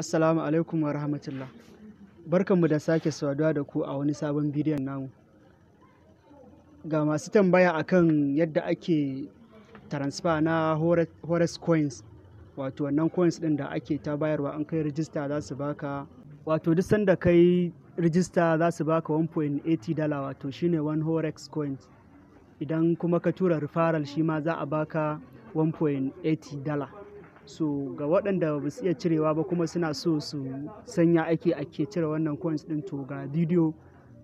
Assalamu alaikum wa rahmatullah. Barkanmu da sake saduwa da ku a wani sabon bidiyon namu. Ga masu tambaya akan yadda ake transfer na Horace Coins, wato wannan coins ɗin da ake ta bayarwa an kai rijista za su baka, wato duk sanda kai rijista za su baka 1.80 dala wato shine one Horex Coins. Idan kuma ka tura referral shi ma za a baka 1.80 dala. so ga waɗanda ba su iya cirewa ba kuma suna so su sanya ake ake cire wannan coins din to ga bidiyo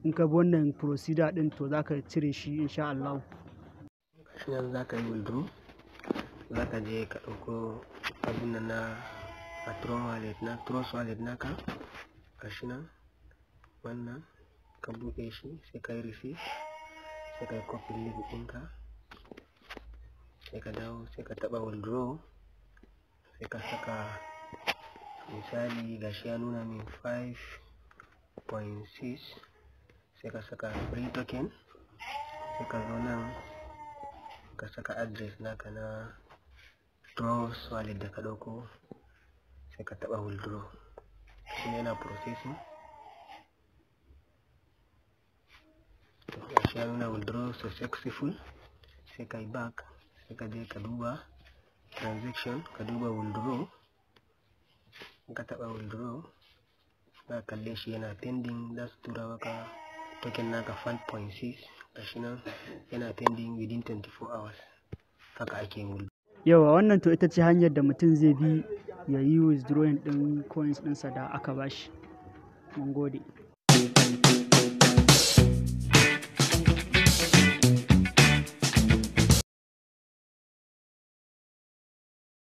in ka bi wannan procedure din to za ka cire shi insha Allah yanzu za ka yi withdraw za ka je ka ɗauko abin nan na a tron wallet na trust wallet ka gashi nan wannan ka buɗe shi sai ka yi receipt sai ka yi copy link ɗinka sai ka dawo sai ka taɓa withdraw sai ka saka misali gashi ya nuna min 5.6 sai ka saka free token sai ka zo nan ka saka address naka na draws wallet da ka ɗauko sai ka taɓa withdraw shi yana processing gashi ya nuna withdraw successful sai ka yi back sai ka je ka duba transaction ka duba withdraw in ka taba withdraw za ka kalle shi yana pending za su tura maka token naka 5.6 ga shi nan yana pending within 24 hours haka ake withdraw yawa wannan to ita ce hanyar da mutum zai bi ya yi withdrawing din coins ɗinsa da aka bashi mun gode